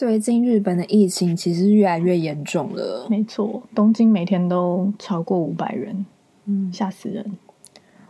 最近日本的疫情其實是越來越嚴重了。沒錯，東京每天都超過五百人，嗯，嚇死人。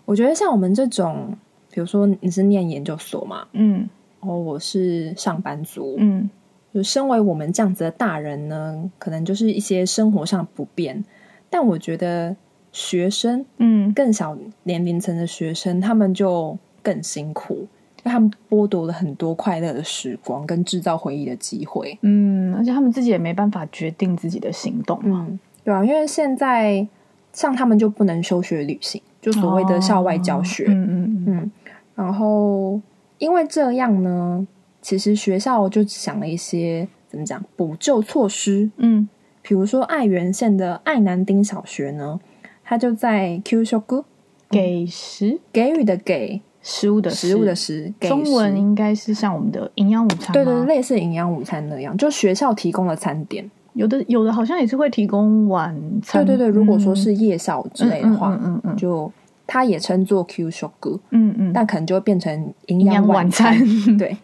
我覺得像我們這種，比如說你是念研究所嘛，嗯，然後我是上班族，嗯，就身為我們這樣子的大人呢，可能就是一些生活上不便，但我覺得學生，嗯，更小年齡層的學生，他們就更辛苦。他們剝奪了很多快樂的時光，跟制造回憶的機會。嗯，而且他們自己也沒辦法決定自己的行動嘛嗯對啊，因為現在像他們就不能休學旅行，就所謂的校外教學。哦、嗯嗯嗯,嗯。然後因為這樣呢，其實學校就想了一些怎麼講補救措施。嗯，比如說愛媛縣的愛南町小學呢，它就在 Q 修姑給食給予的給。食物的食物的食，食物的食，給食。中文應該是像我們的營養午餐，對對,對，類似營養午餐那樣，就學校提供的餐點。有的有的好像也是會提供晚餐，對對對。如果說是夜校之類的話，嗯嗯，嗯嗯嗯就它也稱作 Q Shoku 嗯嗯，嗯但可能就會變成營養晚餐。晚餐 對，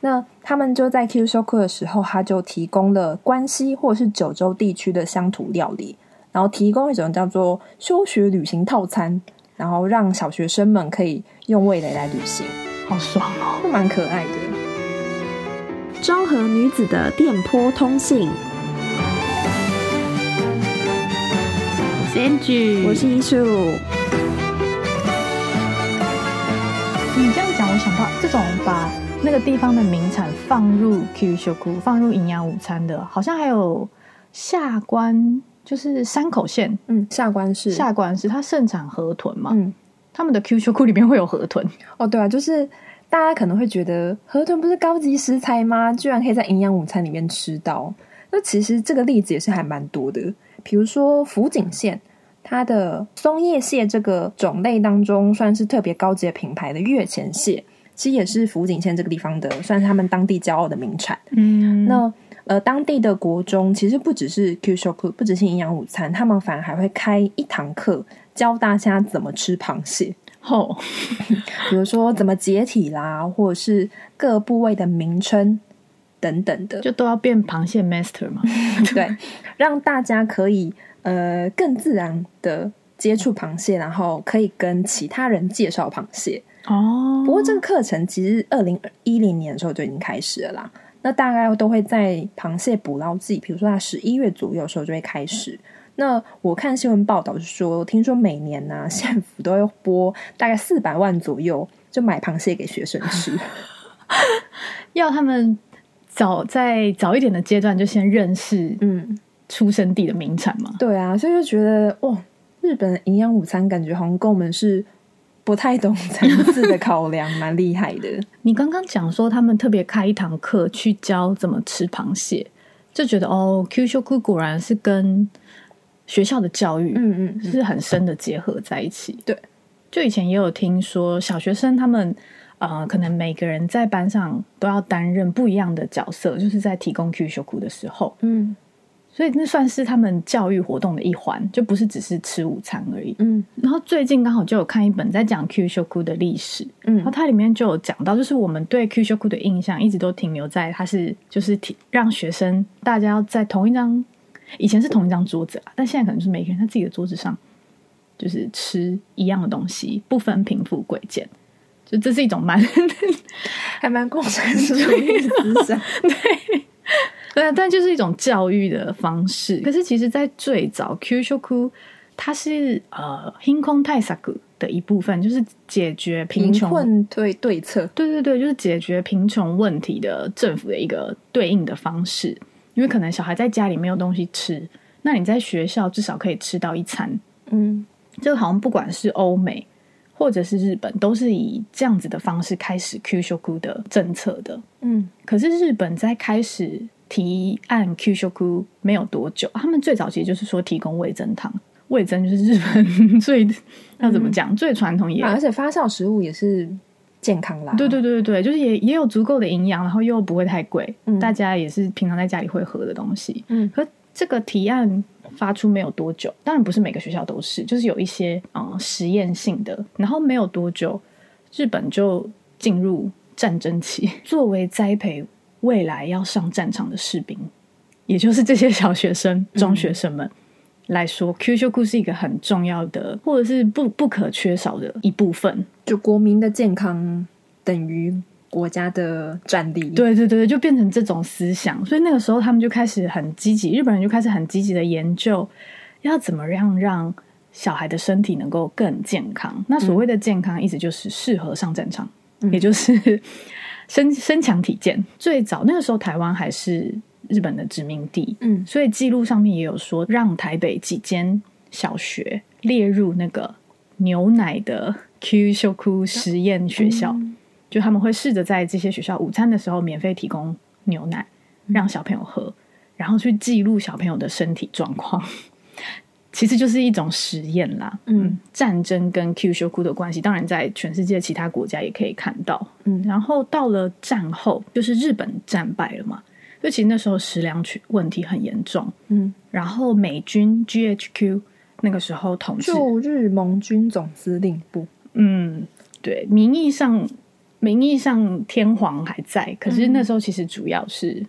那他們就在 Q Shoku 的時候，他就提供了關西或者是九州地區的鄉土料理，然後提供一種叫做休學旅行套餐。然後讓小學生們可以用味蕾來旅行，好爽哦！蠻可愛的。昭和女子的電波通信，舉我是藝術。你這樣講，我想到這種把那個地方的名產放入給食，放入營養午餐的，好像還有下關。就是山口縣，嗯，下關市，下關市，它盛產河豚嘛，嗯，他們的給食裡面會有河豚哦，對啊，就是大家可能會覺得河豚不是高級食材嗎？居然可以在營養午餐裡面吃到，那其實這個例子也是還蠻多的，比如說福井縣，它的松葉蟹這個種類當中算是特別高級的品牌的越前蟹，其實也是福井縣這個地方的，算是他們當地驕傲的名產，嗯，那。呃，當地的國中其實不只是給食，不只是營養午餐，他們反而還會開一堂課教大家怎麼吃螃蟹。哦，oh. 比如說怎麼解體啦，或者是各部位的名稱等等的，就都要變螃蟹 master 嘛。 對，讓大家可以呃更自然的接觸螃蟹，然後可以跟其他人介紹螃蟹。哦，oh. 不過這個課程其實二零一零年的時候就已經開始了啦。那大概都會在螃蟹捕撈季，比如說在十一月左右的時候就會開始。那我看新聞報道就說，聽說每年呢、啊，嗯、縣府都要撥大概四百萬左右，就買螃蟹給學生吃， 要他們早在早一點的階段就先認識，嗯，出生地的名產嘛。對啊，所以就覺得哇、哦，日本的營養午餐感覺好像跟我們是。不太懂文字的考量，蠻厲害的。 你剛剛講說他們特別開一堂課去教怎麼吃螃蟹，就覺得哦，給食果然是跟學校的教育，嗯嗯，是很深的結合在一起。對、嗯嗯嗯，就以前也有聽說小學生他們、呃，可能每個人在班上都要擔任不一樣的角色，就是在提供給食的時候，嗯。所以那算是他們教育活動的一環，就不是只是吃午餐而已。嗯，然後最近剛好就有看一本在講給食的歷史，嗯，然後它裡面就有講到，就是我們對給食的印象一直都停留在它是就是讓學生大家要在同一張，以前是同一張桌子，但現在可能是每個人他自己的桌子上，就是吃一樣的東西，不分貧富貴賤，就這是一種蠻還蠻共產主義的思想， 對。對、嗯，但就是一種教育的方式。可是其實，在最早給食，它是呃，貧困對策的一部分，就是解決貧困對對策。對對對，就是解決貧窮問題的政府的一個對應的方式。因為可能小孩在家裡沒有東西吃，那你在學校至少可以吃到一餐。嗯，就好像不管是歐美或者是日本，都是以這樣子的方式開始給食的政策的。嗯，可是日本在開始。提案給食沒有多久，他們最早其實就是說提供味噌湯，味噌就是日本最要怎麼講、嗯、最傳統也，而且發酵食物也是健康啦，對對對對就是也也有足夠的營養，然後又不會太貴，嗯、大家也是平常在家裡會喝的東西。嗯，可這個提案發出沒有多久，當然不是每個學校都是，就是有一些嗯實驗性的，然後沒有多久，日本就進入戰爭期，作為栽培，未來要上戰場的士兵，也就是這些小學生、中學生們、嗯、來說，給食是一個很重要的，或者是不不可缺少的一部分。就國民的健康等於國家的戰力，對對對，就變成這種思想。所以那個時候，他們就開始很積極，日本人就開始很積極的研究，要怎麼樣讓小孩的身體能夠更健康。那所謂的健康，意思就是適合上戰場，嗯、也就是。嗯身身強體健。最早那個時候，台灣還是日本的殖民地，嗯，所以記錄上面也有說，讓台北幾間小學列入那個牛奶的給食實驗學校，嗯、就他們會試着在這些學校午餐的時候免費提供牛奶、嗯、讓小朋友喝，然後去記錄小朋友的身體狀況。其實就是一種實驗啦，嗯，戰爭跟給食的關係，當然在全世界其他國家也可以看到，嗯，然後到了戰後，就是日本戰敗了嘛，就其實那時候食糧問題很嚴重，嗯，然後美軍 GHQ 那個時候統治，駐日盟軍總司令部，嗯，對，名義上，名義上天皇還在，可是那時候其實主要是，嗯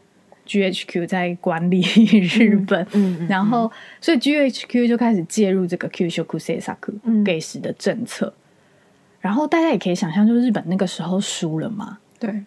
G H Q 在管理日本，嗯嗯嗯、然後所以 G H Q 就開始介入這個 Q Shoku Seisaku 給食的政策，然後大家也可以想象，就是日本那個時候輸了嘛，對，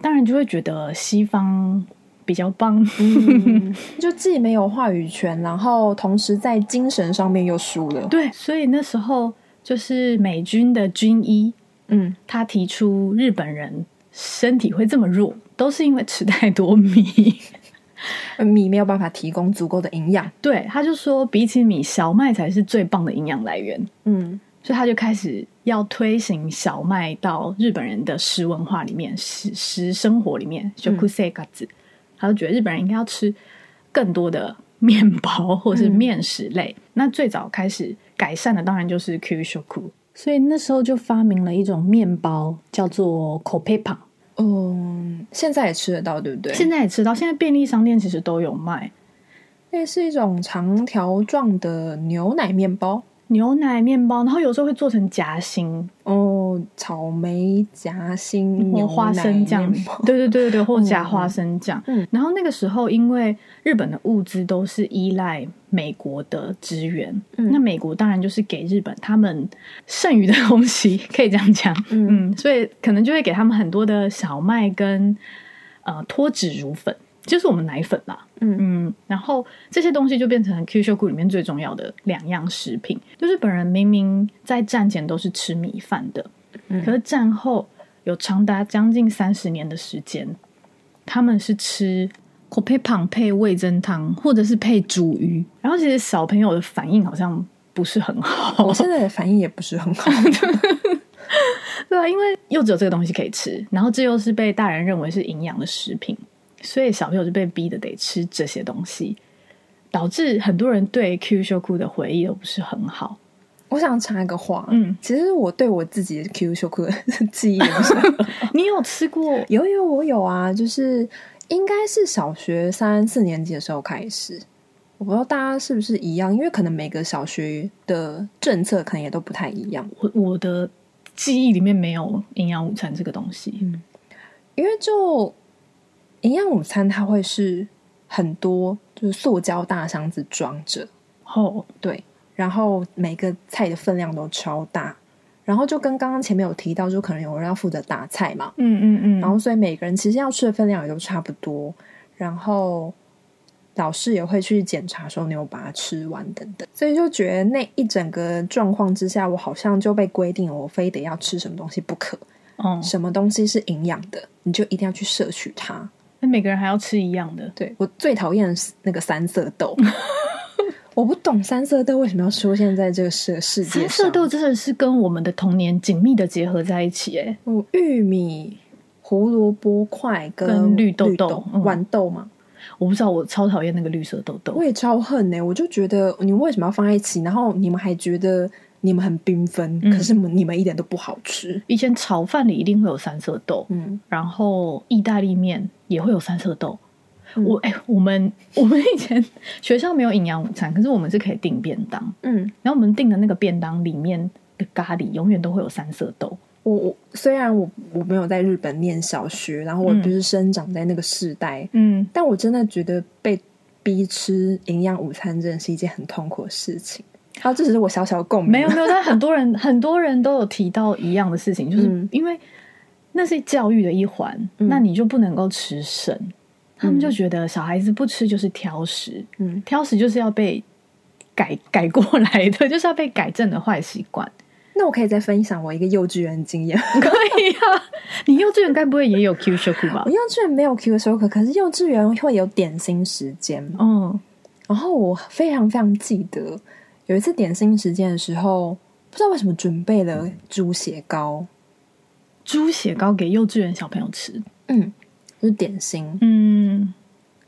當然就會覺得西方比較棒，嗯、就既沒有話語權，然後同時在精神上面又輸了，對，所以那時候就是美軍的軍醫，嗯，他提出日本人。身體會這麼弱，都是因為吃太多米， 米沒有辦法提供足夠的營養。對，他就說比起米，小麥才是最棒的營養來源。嗯，所以他就開始要推行小麥到日本人的食文化裡面，食食生活裡面。就 shokuseikatsu、嗯，他就覺得日本人應該要吃更多的麵包或是麵食類。嗯、那最早開始改善的當然就是給食，所以那時候就發明了一種麵包叫做 koppepan。嗯，現在也吃得到，對不對？現在也吃到，現在便利商店其實都有賣。那、欸、是一種長條狀的牛奶麵包。牛奶麵包，然後有時候會做成夾心哦，草莓夾心或花生醬，對對對對對，或夾花生醬。嗯、哦哦，然後那個時候，因為日本的物資都是依賴美國的資源，嗯、那美國當然就是給日本他們剩餘的東西，可以這樣講，嗯，嗯，所以可能就會給他們很多的小麥跟呃脫脂乳粉。就是我們奶粉啦，嗯嗯，然後這些東西就變成了給食裡面最重要的兩樣食品。就是本人明明在戰前都是吃米飯的，嗯、可是戰後有長達將近三十年的時間，他們是吃コッペパン配味噌湯，或者是配煮魚。然後其實小朋友的反應好像不是很好，我現在的反應也不是很好。 對啊，因為又只有這個東西可以吃，然後這又是被大人認為是營養的食品。所以小朋友就被逼的得吃這些東西，導致很多人對給食的回憶都不是很好。我想插一個話，啊，嗯，其實我對我自己 q 給食的記憶， 你有吃過？有有我有啊，就是應該是小學三四年級的時候開始，我不知道大家是不是一樣，因為可能每個小學的政策可能也都不太一樣。我我的記憶裡面沒有營養午餐這個東西，嗯，因為就。營養午餐它會是很多，就是塑膠大箱子裝着，哦，oh. 對，然後每個菜的分量都超大，然後就跟剛剛前面有提到，就可能有人要負責打菜嘛，嗯嗯嗯，然後所以每個人其實要吃的分量也都差不多，然後老師也會去檢查說，你有沒有把它吃完等等，所以就覺得那一整個狀況之下，我好像就被規定了我非得要吃什麼東西不可，哦，oh. 什麼東西是營養的，你就一定要去攝取它。那每個人還要吃一樣的？對，我最討厭那個三色豆， 我不懂三色豆為什麼要出現在這個世世界上。三色豆真的是跟我們的童年緊密的結合在一起，欸哦，玉米、胡蘿蔔塊跟綠豆豆，綠豆、嗯、豌豆嘛。我不知道，我超討厭那個綠色豆豆，我也超恨呢、欸。我就覺得你為什麼要放在一起？然後你們還覺得？你們很繽紛，嗯、可是你們一點都不好吃。以前炒飯裡一定會有三色豆，嗯，然後意大利麵也會有三色豆。嗯、我哎、欸，我們我們以前學校沒有營養午餐，可是我們是可以訂便當，嗯，然後我們訂的那個便當裡面的咖喱永遠都會有三色豆。我我雖然我我沒有在日本念小學，然後我就是生長在那個世代，嗯，但我真的覺得被逼吃營養午餐真的是一件很痛苦的事情。他、啊、這只是我小小的共鳴的。沒有沒有，但很多人 很多人都有提到一樣的事情，就是因為那是教育的一環，嗯、那你就不能夠吃剩。嗯、他們就覺得小孩子不吃就是挑食，嗯，挑食就是要被改改過來的，就是要被改正的壞習慣。那我可以再分享我一個幼稚園的經驗，可以啊？你幼稚園該不會也有 Q-shoku 吧？我幼稚園沒有 Q-shoku，可是幼稚園會有點心時間。嗯，然後我非常非常記得。有一次點心時間的時候，不知道為什麼準備了豬血糕，豬血糕給幼稚園小朋友吃。嗯，就是點心。嗯，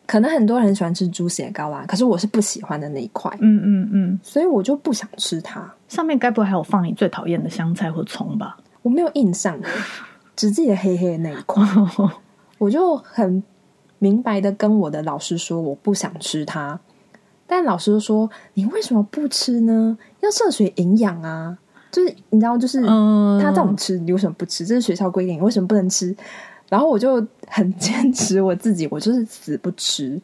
可能很多人喜歡吃豬血糕啦，可是我是不喜歡的那一塊，嗯。嗯嗯嗯，所以我就不想吃它。上面該不會還有放你最討厭的香菜或蔥吧？我沒有印象 只記得黑黑的那一塊。 我就很明白的跟我的老師說，我不想吃它。但老師就說：“你為什麼不吃呢？要攝取營養啊，就是你知道，就是他、嗯、這種吃，你為什麼不吃？這是學校規定，你為什麼不能吃？”然後我就很堅持我自己，我就是死不吃。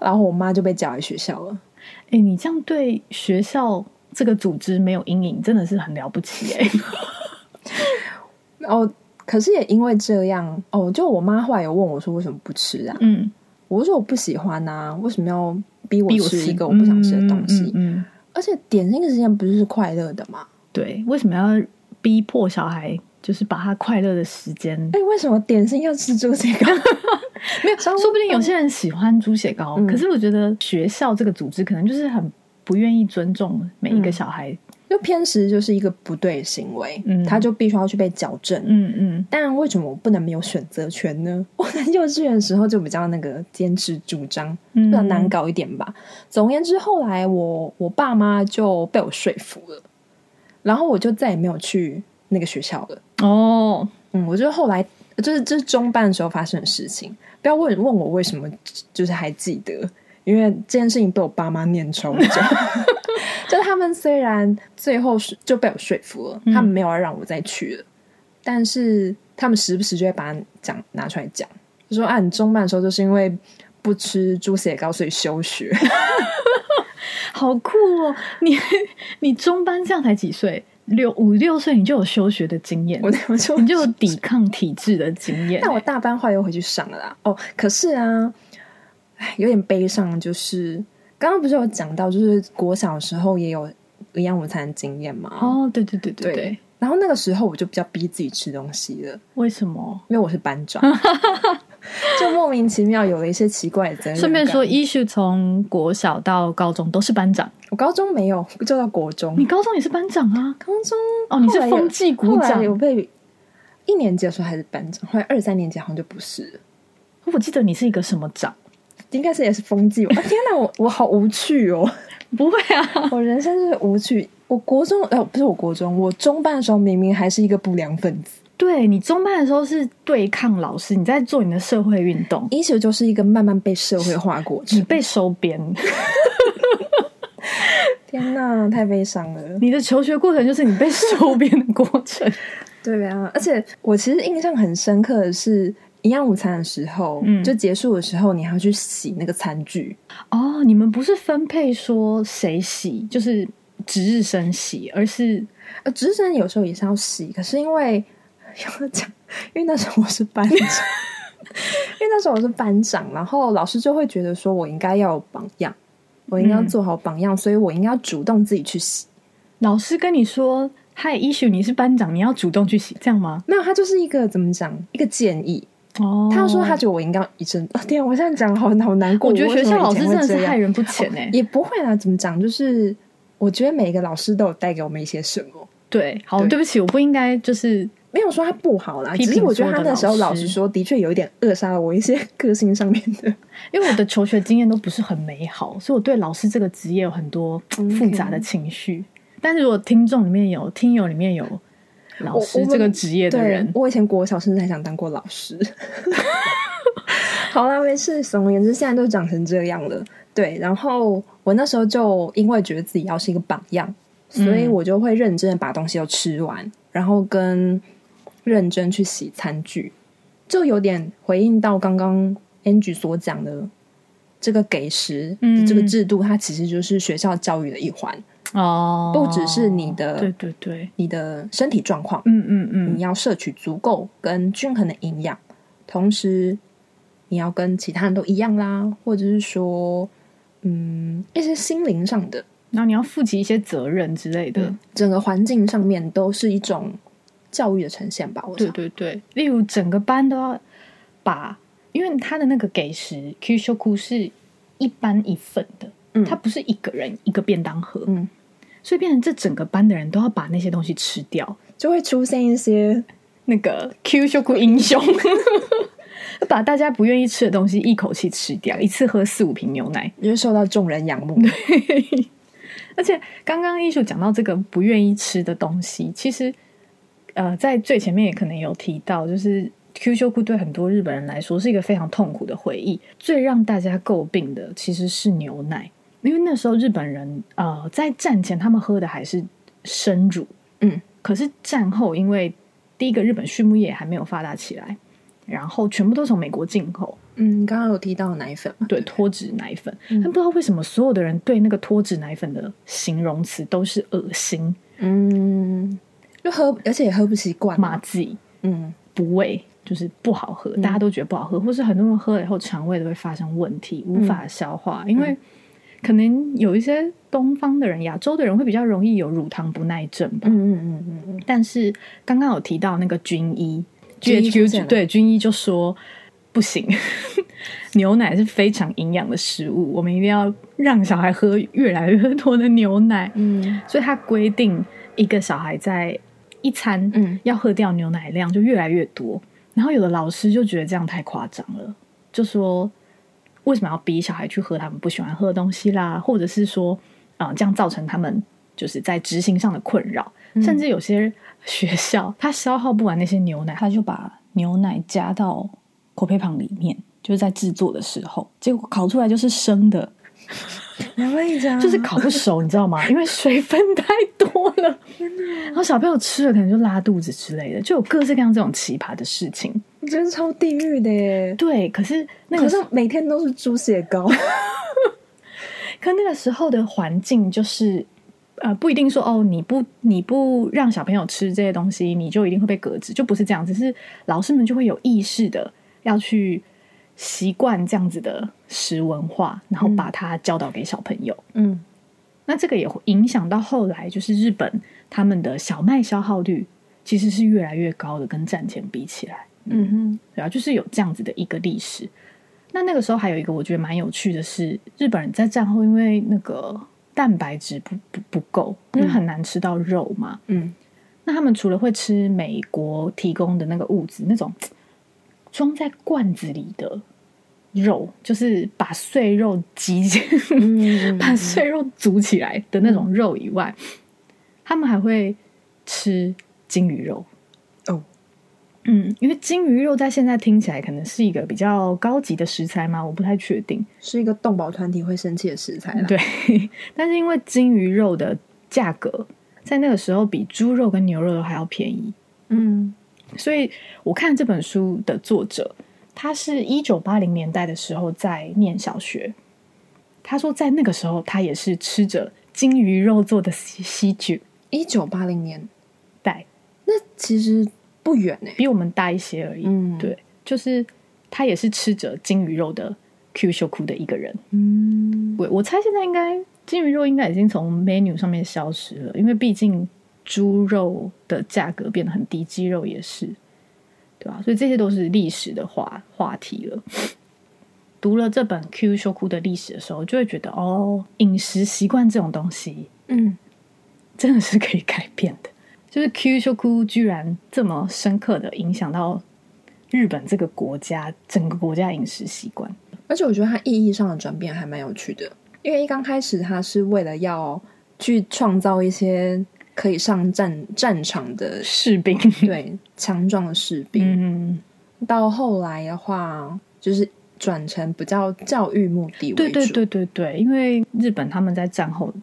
然後我媽就被叫來學校了。哎、欸，你這樣對學校這個組織沒有陰影，真的是很了不起哎、欸。然、 哦、可是也因為這樣哦，就我媽後來有問我說：“為什麼不吃啊？”嗯，我就說：“我不喜歡吶、啊，為什麼要？”逼我吃一個我不想吃的東西，嗯嗯嗯嗯、而且點心的時間不是就是快樂的嗎？對，為什麼要逼迫小孩？就是把他快樂的時間？哎、欸，為什麼點心要吃豬血糕？ 說不定有些人喜歡豬血糕，嗯、可是我覺得學校這個組織可能就是很不願意尊重每一個小孩。嗯就偏食就是一個不對行為，嗯、他就必須要去被矯正，嗯嗯。嗯，但為什麼我不能沒有選擇權呢？我在幼稚園的時候就比較那個堅持主張，就比較難搞一點吧。嗯、總言之，後來我我爸媽就被我說服了，然後我就再也沒有去那個學校了。哦，嗯，我就後來就是這、就是中班的時候發生的事情。不要問問我為什麼就是還記得，因為這件事情被我爸媽念成。 就他們雖然最後是就被我說服了，嗯、他們沒有要讓我再去了，但是他們時不時就會把講拿出來講，就說：“啊，你中班的時候就是因為不吃豬血糕，所以休學， 好酷哦！”你你中班這樣才幾歲，六五六歲你就有休學的經驗，我就你就有抵抗體制的經驗、欸。那我大班話又回去上了啦。哦，可是啊，有點悲傷，就是。剛剛不是有講到，就是國小的時候也有營養午餐經驗嘛？哦，對對對對對，對。然後那個時候我就比較逼自己吃東西了。為什麼？因為我是班長， 就莫名其妙有了一些奇怪的責任感。順便說，一是從國小到高中都是班長，我高中沒有，就到國中。你高中也是班長啊？高中哦，你是風紀股長？我被一年級的時候還是班長，後來二三年級好像就不是。我記得你是一個什麼長？應該是也是風紀、哦、天哪，我我好無趣哦！不會啊，我人生就是無趣。我國中、呃、不是我國中，我中班的時候明明還是一個不良分子。對，你中班的時候是對抗老師，你在做你的社會運動。英雄就是一個慢慢被社會化過程，你被收編。 天哪，太悲傷了！你的求學過程就是你被收編的過程。 對啊，而且我其實印象很深刻的是。營養午餐的時候，嗯、就結束的時候，你還要去洗那個餐具哦。你們不是分配說誰洗，就是值日生洗，而是呃，值日生有時候也是要洗。可是因為要講，因為那時候我是班長， 因為那時候我是班長， 然後老師就會覺得說我應該要有榜樣，我應該要做好榜樣，嗯、所以我應該要主動自己去洗。老師跟你說：“嗨，依秀，你是班長，你要主動去洗，這樣嗎？”沒有，他就是一個怎麼講，一個建議。哦，他說他覺得我應該要一陣，哦、天、啊，我現在講好，好難過。我覺得學校老師,老師真的是害人不淺呢、欸哦，也不會啦。怎麼講？就是我覺得每一個老師都有帶給我們一些什麼。對，好，對,對不起，我不應該就是沒有說他不好啦。只是我覺得他那時候老實說的確有一點扼殺了我一些個性上面的，因為我的求學經驗都不是很美好， 所以我對老師這個職業有很多複雜的情緒。嗯嗯、但是如果聽眾裡面有聽友裡面有。老師這個職業的人我我，我以前國小甚至還想當過老師。 好啦，沒事。總而言之，現在都長成這樣了。對，然後我那時候就因為覺得自己要是一個榜樣，所以我就會認真的把東西都吃完，嗯、然後跟認真去洗餐具，就有點回應到剛剛 Angie 所講的這個給食這個制度，嗯、它其實就是學校教育的一環。哦，oh, 不只是你的，對對對，你的身體狀況、嗯，嗯嗯嗯，你要攝取足夠跟均衡的營養，同時你要跟其他人都一樣啦，或者是說，嗯，一些心靈上的，然後你要負起一些責任之類的，嗯、整個環境上面都是一種教育的呈現吧？我覺得，對對對，例如整個班都要把，因為他的那個給食 Qshoku 是一班一份的，嗯，他不是一個人一個便當盒，嗯。所以變成這整個班的人都要把那些東西吃掉，就會出現一些那個給食英雄， 把大家不願意吃的東西一口氣吃掉，一次喝四五瓶牛奶，就受到眾人仰慕。對 而且剛剛藝術講到這個不願意吃的東西，其實呃在最前面也可能有提到，就是給食對很多日本人來說是一個非常痛苦的回憶。最讓大家詬病的其實是牛奶。因為那時候日本人呃，在戰前他們喝的還是生乳，嗯，可是戰後因為第一個日本畜牧業還沒有發達起來，然後全部都從美國進口，嗯，剛剛有提到奶粉，對脫脂奶粉，對但不知道為什麼所有的人對那個脫脂奶粉的形容詞都是噁心，嗯，就喝而且也喝不習慣嘛，馬劑草，嗯，不味就是不好喝，大家都覺得不好喝，嗯、或是很多人喝了以後腸胃都會發生問題，無法消化，嗯、因為。可能有一些東方的人、亞洲的人會比較容易有乳糖不耐症吧。嗯嗯嗯嗯。但是剛剛有提到那個軍醫 GHQ 對軍醫就說不行， 牛奶是非常營養的食物，我們一定要讓小孩喝越來越多的牛奶。嗯。所以他規定一個小孩在一餐，嗯，要喝掉牛奶量就越來越多。嗯、然後有的老師就覺得這樣太誇張了，就說。為什麼要逼小孩去喝他們不喜歡喝的東西啦？或者是說，啊、呃，這樣造成他們就是在執行上的困擾，嗯、甚至有些學校它消耗不完那些牛奶，他就把牛奶加到口配旁裡面，就是在制作的時候，結果烤出來就是生的，哪位講？就是烤不熟，你知道嗎？ 因為水分太多了，天哪，然後小朋友吃了可能就拉肚子之類的，就有各式各樣這種奇葩的事情。真是超地獄的耶！對，可是那個時候每天都是豬血糕。 可那個時候的環境就是，呃，不一定說哦，你不你不讓小朋友吃這些東西，你就一定會被革職，就不是這樣。只是老師們就會有意識的要去習慣這樣子的食文化，然後把它教導給小朋友。嗯，那這個也影響到後來，就是日本他們的小麥消耗率其實是越來越高的，跟戰前比起來。嗯哼，然後、啊、就是有這樣子的一個歷史。那那個時候還有一個我覺得蠻有趣的是，日本人在戰後因為那個蛋白質不不不夠，因為很難吃到肉嘛。嗯，那他們除了會吃美國提供的那個物質，那種裝在罐子裡的肉，就是把碎肉擠，嗯、 把碎肉煮起來的那種肉以外，嗯、他們還會吃金魚肉。嗯，因為鯨魚肉在現在聽起來可能是一個比較高級的食材嘛，我不太確定，是一個動保團體會生氣的食材。對，但是因為鯨魚肉的價格在那個時候比豬肉跟牛肉都還要便宜，嗯，所以我看這本書的作者，他是一九八零年代的時候在念小學，他說在那個時候他也是吃着鯨魚肉做的西西酒。一九八零年代，那其實。不遠呢、欸，比我們大一些而已。嗯、對，就是他也是吃着鯨魚肉的給食的一個人。嗯，我我猜現在應該鯨魚肉應該已經從 menu 上面消失了，因為畢竟豬肉的價格變得很低，雞肉也是，對吧？所以這些都是歷史的話話題了。 讀了這本給食的歷史的時候，就會覺得哦，飲食習慣這種東西，嗯，真的是可以改變的。就是給食居然這麼深刻的影響到日本這個國家，整個國家飲食習慣，而且我覺得它意義上的轉變還蠻有趣的，因為一剛開始它是為了要去創造一些可以上戰戰場的士兵，對強壯的士兵， 嗯、到後來的話就是轉成比較教育目的為主，對，對對對對對，因為日本他們在戰後。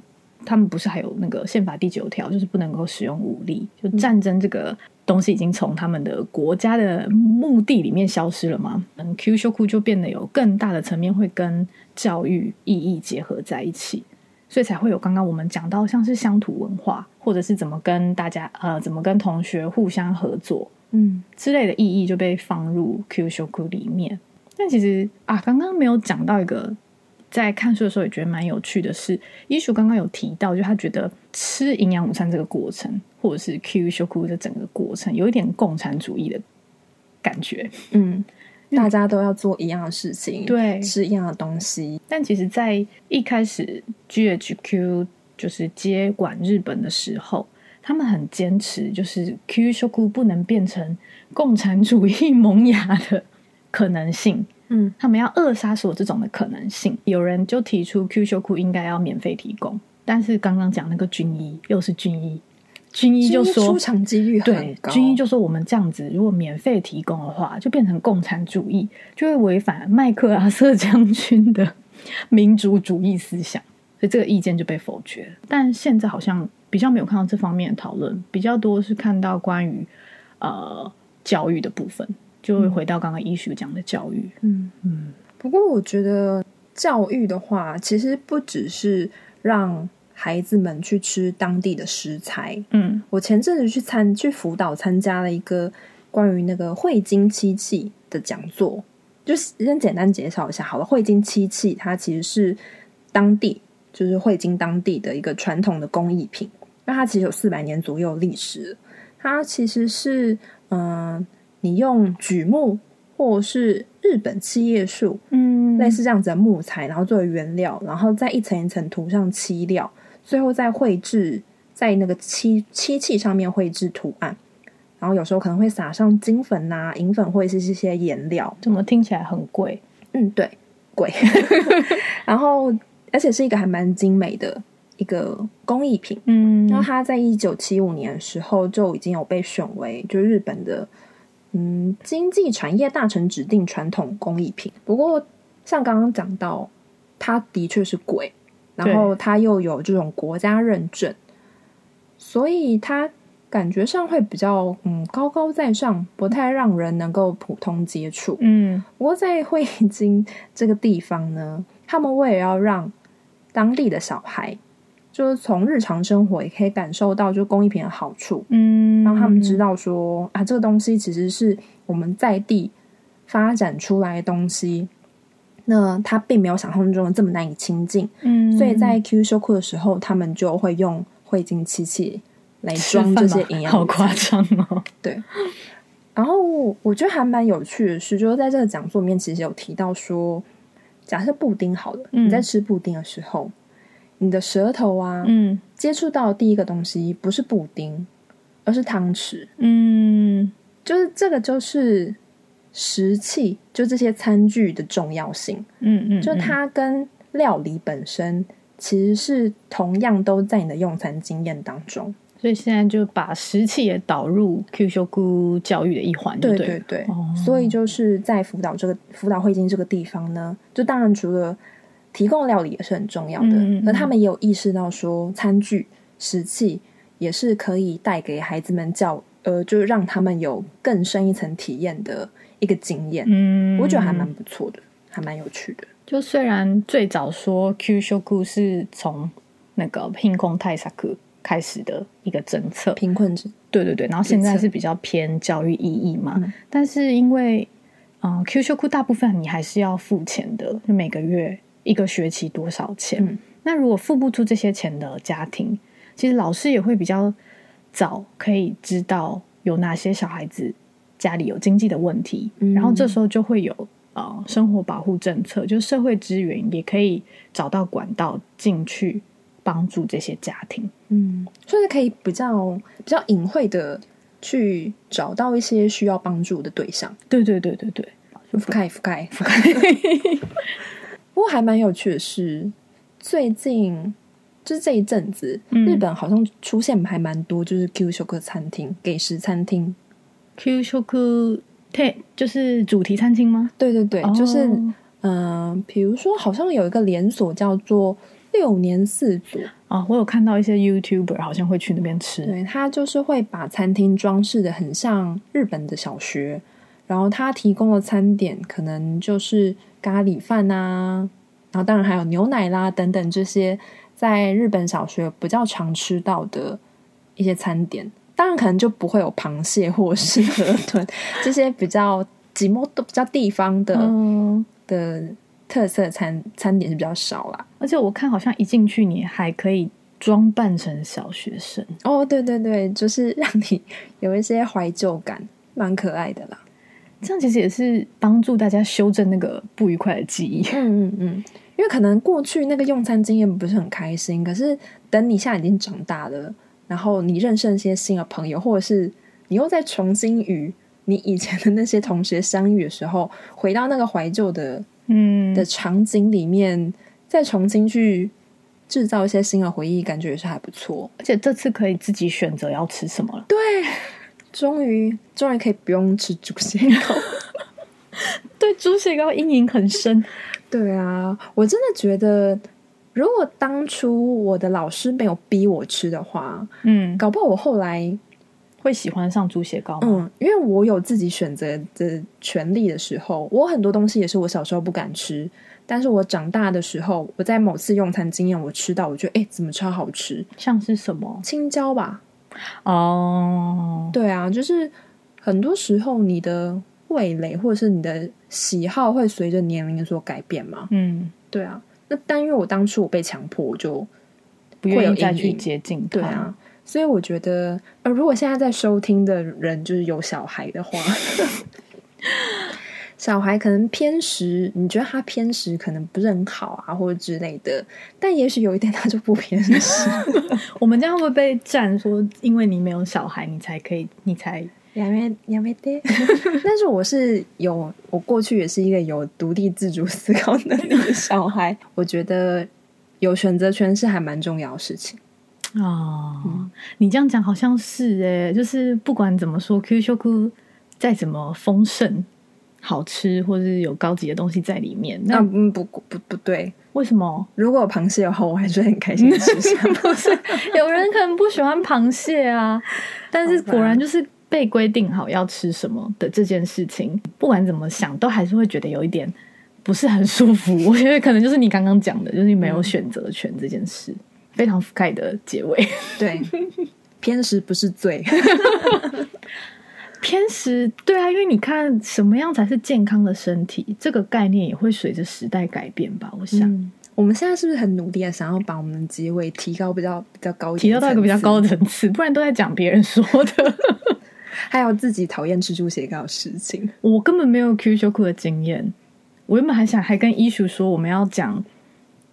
他們不是還有那個憲法第九條，就是不能夠使用武力，就戰爭這個東西已經從他們的國家的目的裡面消失了嗎？嗯，給食就變得有更大的層面會跟教育意義結合在一起，所以才會有剛剛我們講到像是鄉土文化，或者是怎麼跟大家呃，怎麼跟同學互相合作，嗯，之類的意義就被放入給食裡面。但其實啊，剛剛沒有講到一個。在看書的時候也覺得蠻有趣的是，伊叔剛剛有提到，就他覺得吃營養午餐這個過程，或者是給食的整個過程，有一點共產主義的感覺。嗯，嗯，大家都要做一樣的事情，對，吃一樣的東西。但其實，在一開始 GHQ 就是接管日本的時候，他們很堅持，就是給食不能變成共產主義萌芽的可能性。嗯，他們要扼殺所有這種的可能性。有人就提出，給食應該要免費提供，但是剛剛講那個軍醫又是軍醫，軍醫就說，出場機率很高，對，軍醫就說我們這樣子如果免費提供的話，就變成共產主義，就會違反麥克阿瑟將軍的民族主、主義思想，所以這個意見就被否決。但現在好像比較沒有看到這方面的討論，比較多是看到關於呃教育的部分。就會回到剛剛藝術講的教育，嗯嗯。不過我覺得教育的話，其實不只是讓孩子們去吃當地的食材。嗯，我前陣子去參去輔導參加了一個關於那個會津漆器的講座，就是先簡單介紹一下好了。會津漆器它其實是當地，就是會津當地的一個傳統的工藝品，那它其實有四百年左右歷史。它其實是嗯。呃你用櫸木或是日本七葉樹，嗯，類似這樣子的木材，然後作為原料，然後在一層一層塗上漆料，最後再繪製在那個漆漆器上面繪製圖案，然後有時候可能會撒上金粉啊銀粉或者是這些顏料，怎麼聽起來很貴？嗯，對，貴。 然後而且是一個還蠻精美的一個工藝品。嗯，然後它在一九七五年的時候就已經有被選為就日本的。嗯，經濟產業大臣指定傳統工藝品。不過，像剛剛講到，它的確是貴，然後它又有這種國家認證，對所以它感覺上會比較嗯高高在上，不太讓人能夠普通接觸。嗯，不過在會津這個地方呢，他們為了要讓當地的小孩。就是從日常生活也可以感受到，就工藝品的好處，嗯，讓他們知道說、嗯、啊，這個東西其實是我們在地發展出來的東西，那它並沒有想象中的這麼難以親近，嗯，所以在 QQ 修庫的時候，他們就會用匯金漆器來裝這些營養，好誇張哦，對。然後我覺得還蠻有趣的是，就是在這個講座裡面，其實有提到說，假設布丁好了，你在吃布丁的時候。嗯你的舌頭啊，嗯，接觸到第一個東西不是布丁，而是湯匙，嗯，就是這個就是食器，就這些餐具的重要性，嗯，嗯嗯，就它跟料理本身其實是同樣都在你的用餐經驗當中，所以現在就把食器也導入 Q 修菇教育的一環，對對對，哦、所以就是在福島這個福島會津這個地方呢，就當然除了。提供料理也是很重要的，那、嗯、他們也有意識到說，餐具、食器也是可以帶給孩子們教，呃，就是讓他們有更深一層體驗的一個經驗。嗯，我覺得還蠻不錯的，還蠻有趣的。就雖然最早說給食是從那個貧困對策開始的一個政策，貧困者，對對對，然後現在是比較偏教育意義嘛。嗯、但是因為，嗯、呃、給食大部分你還是要付錢的，就每個月。一個學期多少錢？嗯、那如果付不出這些錢的家庭，其實老師也會比較早可以知道有哪些小孩子家裡有經濟的問題，嗯、然後這時候就會有、呃、生活保護政策，就社會資源也可以找到管道進去幫助這些家庭。嗯，所以可以比較比較隱晦的去找到一些需要幫助的對象。對對對對對，覆蓋覆蓋覆蓋。 不過還蠻有趣的是，最近就是這一陣子，嗯、日本好像出現還蠻多，就是 Q 修客餐廳、給食餐廳、Q 修客，它就是主題餐廳嗎？對對對，oh、就是嗯，呃、比如說好像有一個連鎖叫做六年四組啊，oh, 我有看到一些 YouTuber 好像會去那邊吃，對他就是會把餐廳裝飾得很像日本的小學，然後他提供的餐點可能就是。咖喱飯啊，然後當然還有牛奶啦，等等這些在日本小學比較常吃到的一些餐點，當然可能就不會有螃蟹或是河豚、嗯、 這些比較寂寞、比較地方的，嗯、的特色餐餐點是比較少啦，而且我看好像一進去你還可以裝扮成小學生哦，對對對，就是讓你有一些懷舊感，蠻可愛的啦。這樣其實也是幫助大家修正那個不愉快的記憶。嗯嗯嗯，因為可能過去那個用餐經驗不是很開心，可是等你現在已經長大了，然後你認識一些新的朋友，或者是你又再重新與你以前的那些同學相遇的時候，回到那個懷舊的嗯的場景裡面，再重新去制造一些新的回憶，感覺也是還不錯。而且這次可以自己選擇要吃什麼了。對。終於，終於可以不用吃豬血糕。 對豬血糕陰影很深。對啊，我真的覺得，如果當初我的老師沒有逼我吃的話，嗯，搞不好我後來會喜歡上豬血糕。嗯，因為我有自己選擇的權利的時候，我很多東西也是我小時候不敢吃，但是我長大的時候，我在某次用餐經驗，我吃到，我覺得哎、欸，怎麼超好吃？像是什麼青椒吧。哦，oh. 對啊，就是很多時候你的味蕾或者是你的喜好會隨着年齡有所改變嘛。嗯，對啊，那但因為我當初我被強迫，我就不願意再去接近。對啊，所以我覺得，呃，如果現在在收聽的人就是有小孩的話。 小孩可能偏食，你覺得他偏食可能不是很好啊，或者之類的。但也許有一天他就不偏食。 我們這樣會被講說，因為你沒有小孩，你才可以，你才。 但是我是有，我過去也是一個有獨立自主思考能力的小孩。 我覺得有選擇權是還蠻重要的事情啊。哦嗯、你這樣講好像是哎，就是不管怎麼說，給食再怎麼豐盛。好吃，或者是有高級的東西在裡面。那、啊、不不不，不對，為什麼？如果有螃蟹的話，我還是很開心的吃下。 不是，有人可能不喜歡螃蟹啊。但是果然就是被規定好要吃什麼的這件事情，煩不管怎麼想，都還是會覺得有一點不是很舒服。我覺得可能就是你剛剛講的，就是沒有選擇權這件事，嗯、非常覆蓋的結尾。對，偏食不是罪。 偏食對啊，因為你看什麼樣才是健康的身體，這個概念也會隨着時代改變吧。我想、嗯、我們現在是不是很努力的，想要把我們的機會提高比較比較高，提高到一個比較高的層次，不然都在講別人說的， 還有自己討厭吃豬血糕的事情。我根本沒有給食的經驗，我原本還想還跟醫叔說我們要講。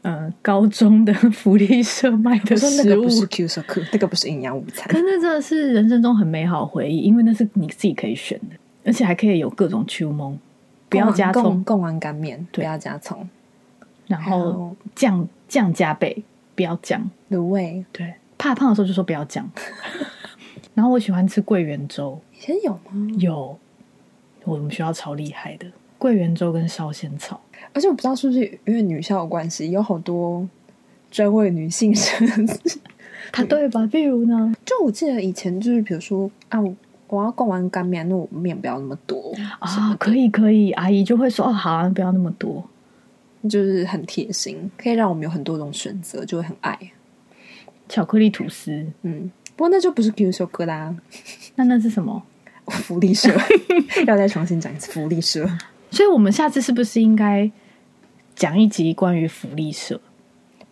呃、高中的福利社賣的食物，那個不是營養午餐，可那真的是人生中很美好的回憶，因為那是你自己可以選的，而且還可以有各種秋檬、um 玩，不要加蔥，貢丸乾麵。對不要加蔥，然後醬有醬加倍，不要醬滷味，對，怕胖的時候就說不要醬， 然後我喜歡吃桂圓粥，以前有嗎？有，我們學校超厲害的。桂圓粥跟燒仙草，而且我不知道是不是因為女校有關係，有好多專為女性設計， 對，對吧？比如呢，就我記得以前就是，比如說啊，我要灌完乾麵，那我麵不要那麼多啊，可以可以，阿姨就會說哦，好、啊，不要那麼多，就是很貼心，可以讓我們有很多種選擇，就會很愛。巧克力吐司，嗯，不過那就不是給食啦。那那是什麼？福利社， 要再重新講一次福利社。所以我們下次是不是應該講一集關於福利社？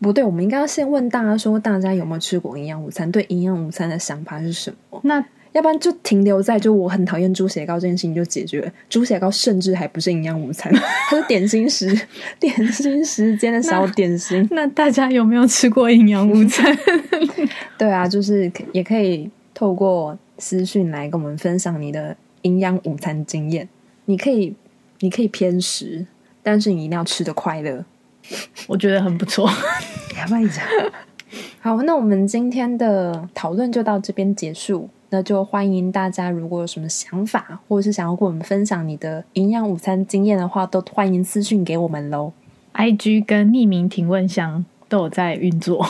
不對，我們應該要先問大家說，大家有沒有吃過營養午餐？對營養午餐的想法是什麼？那要不然就停留在就我很討厭豬血糕這件事情就解決，豬血糕甚至還不是營養午餐，它 是點心時點心時間的小點心那。那大家有沒有吃過營養午餐？ 對啊，就是也可以透過私訊來跟我們分享你的營養午餐經驗，你可以。你可以偏食，但是你一定要吃得快樂，我覺得很不錯 不。好，那我們今天的討論就到這邊結束。那就歡迎大家，如果有什麼想法，或者是想要跟我們分享你的營養午餐經驗的話，都歡迎私訊給我們嘍。IG 跟匿名提問箱都有在運作。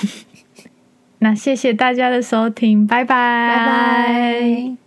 那謝謝大家的收聽，拜拜拜拜。Bye bye